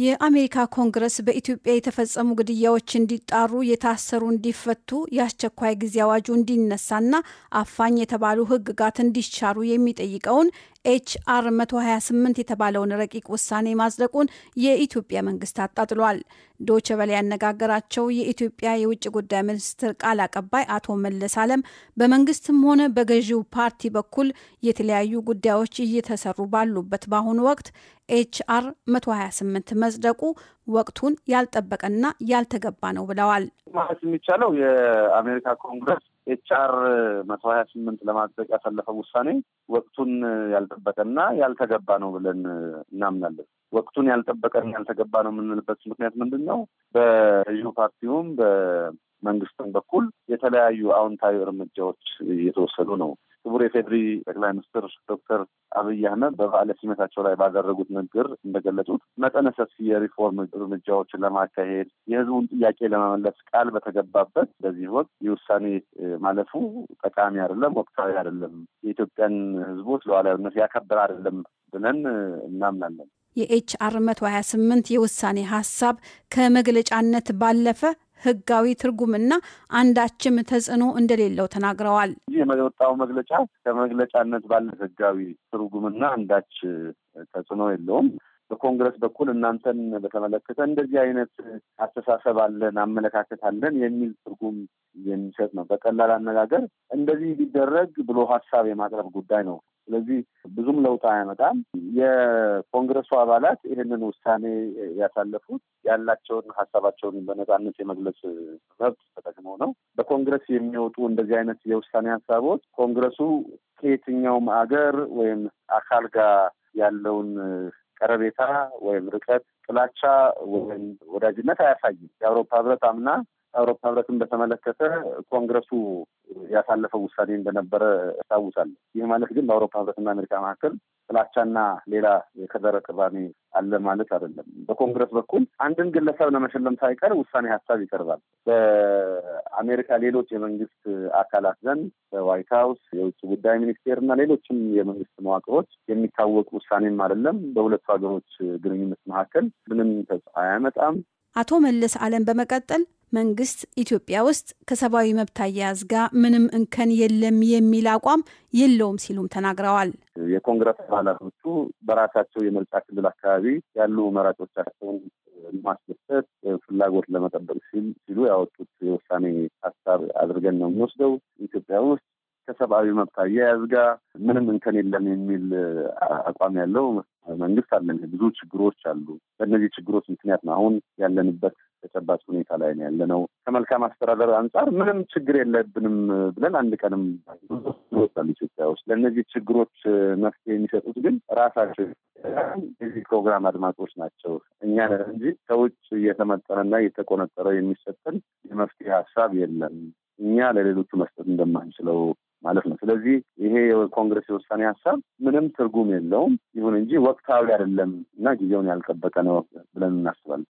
የአሜሪካ ኮንግረስ በኢትዮጵያ የተፈጸሙ ግድያዎች እንዲጣሩ፣ የታሰሩ እንዲፈቱ፣ የአስቸኳይ ጊዜ አዋጁ እንዲነሳና አፋኝ የተባሉ ሕግጋት እንዲሻሩ የሚጠይቀውን ኤችአር 128 የተባለውን ረቂቅ ውሳኔ ማጽደቁን የኢትዮጵያ መንግስት አጣጥሏል። ዶች ያነጋገራቸው የኢትዮጵያ የውጭ ጉዳይ ሚኒስትር ቃል አቀባይ አቶ መለስ አለም በመንግስትም ሆነ በገዢው ፓርቲ በኩል የተለያዩ ጉዳዮች እየተሰሩ ባሉበት በአሁኑ ወቅት ኤችአር 128 መጽደቁ ወቅቱን ያልጠበቀና ያልተገባ ነው ብለዋል። ማለት የሚቻለው የአሜሪካ ኮንግረስ ኤችአር መቶ ሀያ ስምንት ለማጽደቅ ያሳለፈው ውሳኔ ወቅቱን ያልጠበቀና ያልተገባ ነው ብለን እናምናለን። ወቅቱን ያልጠበቀና ያልተገባ ነው የምንልበት ምክንያት ምንድን ነው? በዩ ፓርቲውም በመንግስትም በኩል የተለያዩ አዎንታዊ እርምጃዎች እየተወሰዱ ነው። ክቡር የፌድሪ ጠቅላይ ሚኒስትር ዶክተር አብይ አህመድ በበዓለ ሲመታቸው ላይ ባደረጉት ንግግር እንደገለጹት መጠነ ሰፊ የሪፎርም እርምጃዎችን ለማካሄድ የህዝቡን ጥያቄ ለመመለስ ቃል በተገባበት በዚህ ወቅት የውሳኔ ውሳኔ ማለፉ ጠቃሚ አይደለም፣ ወቅታዊ አይደለም፣ የኢትዮጵያን ህዝቦች ለዋላዊነት ያከበረ አይደለም ብለን እናምናለን። የኤችአር መቶ ሀያ ስምንት የውሳኔ ሀሳብ ከመግለጫነት ባለፈ ህጋዊ ትርጉምና አንዳችም ተጽዕኖ እንደሌለው ተናግረዋል። የወጣው መግለጫ ከመግለጫነት ባለ ህጋዊ ትርጉምና አንዳች ተጽዕኖ የለውም። በኮንግረስ በኩል እናንተን በተመለከተ እንደዚህ አይነት አስተሳሰብ አለን፣ አመለካከት አለን የሚል ትርጉም የሚሰጥ ነው። በቀላል አነጋገር እንደዚህ ቢደረግ ብሎ ሀሳብ የማቅረብ ጉዳይ ነው ስለዚህ ብዙም ለውጥ አያመጣም። የኮንግረሱ አባላት ይህንን ውሳኔ ያሳለፉት ያላቸውን ሀሳባቸውን በነጻነት የመግለጽ መብት ተጠቅመው ነው። በኮንግረስ የሚወጡ እንደዚህ አይነት የውሳኔ ሀሳቦች ኮንግረሱ ከየትኛውም አገር ወይም አካል ጋር ያለውን ቀረቤታ ወይም ርቀት፣ ጥላቻ ወይም ወዳጅነት አያሳይም። የአውሮፓ ህብረት አምና አውሮፓ ህብረትን በተመለከተ ኮንግረሱ ያሳለፈው ውሳኔ እንደነበረ ያስታውሳለሁ። ይህ ማለት ግን በአውሮፓ ህብረትና አሜሪካ መካከል ጥላቻና ሌላ የከረረ ቅራኔ አለ ማለት አይደለም። በኮንግረስ በኩል አንድን ግለሰብ ለመሸለም ሳይቀር ውሳኔ ሀሳብ ይቀርባል። በአሜሪካ ሌሎች የመንግስት አካላት ዘንድ በዋይት ሀውስ፣ የውጭ ጉዳይ ሚኒስቴር እና ሌሎችም የመንግስት መዋቅሮች የሚታወቅ ውሳኔም አይደለም። በሁለቱ ሀገሮች ግንኙነት መካከል ምንም ተጽዕኖ አያመጣም። አቶ መለስ አለም በመቀጠል መንግስት ኢትዮጵያ ውስጥ ከሰብአዊ መብት አያያዝ ጋር ምንም እንከን የለም የሚል አቋም የለውም ሲሉም ተናግረዋል። የኮንግረስ አባላቶቹ በራሳቸው የምርጫ ክልል አካባቢ ያሉ መራጮቻቸውን ለማስደሰት ፍላጎት ለመጠበቅ ሲሉ ያወጡት የውሳኔ ሀሳብ አድርገን ነው የሚወስደው። ኢትዮጵያ ውስጥ ከሰብአዊ መብት አያያዝ ጋር ምንም እንከን የለም የሚል አቋም ያለው መንግስት አለን። ብዙ ችግሮች አሉ። በእነዚህ ችግሮች ምክንያት ነው አሁን ያለንበት ተጨባጭ ሁኔታ ላይ ነው ነው። ከመልካም አስተዳደር አንጻር ምንም ችግር የለብንም ብለን አንድ ቀንም ችግሮች ኢትዮጵያ ውስጥ። ለእነዚህ ችግሮች መፍትሄ የሚሰጡት ግን ራሳቸው የዚህ ፕሮግራም አድማጮች ናቸው። እኛ እንጂ ከውጭ እየተመጠነና እየተቆነጠረ የሚሰጠን የመፍትሄ ሀሳብ የለም። እኛ ለሌሎቹ መስጠት እንደማንችለው ማለት ነው። ስለዚህ ይሄ የኮንግረስ የውሳኔ ሀሳብ ምንም ትርጉም የለውም። ይሁን እንጂ ወቅታዊ አይደለም እና ጊዜውን ያልጠበቀ ነው ብለን እናስባለን።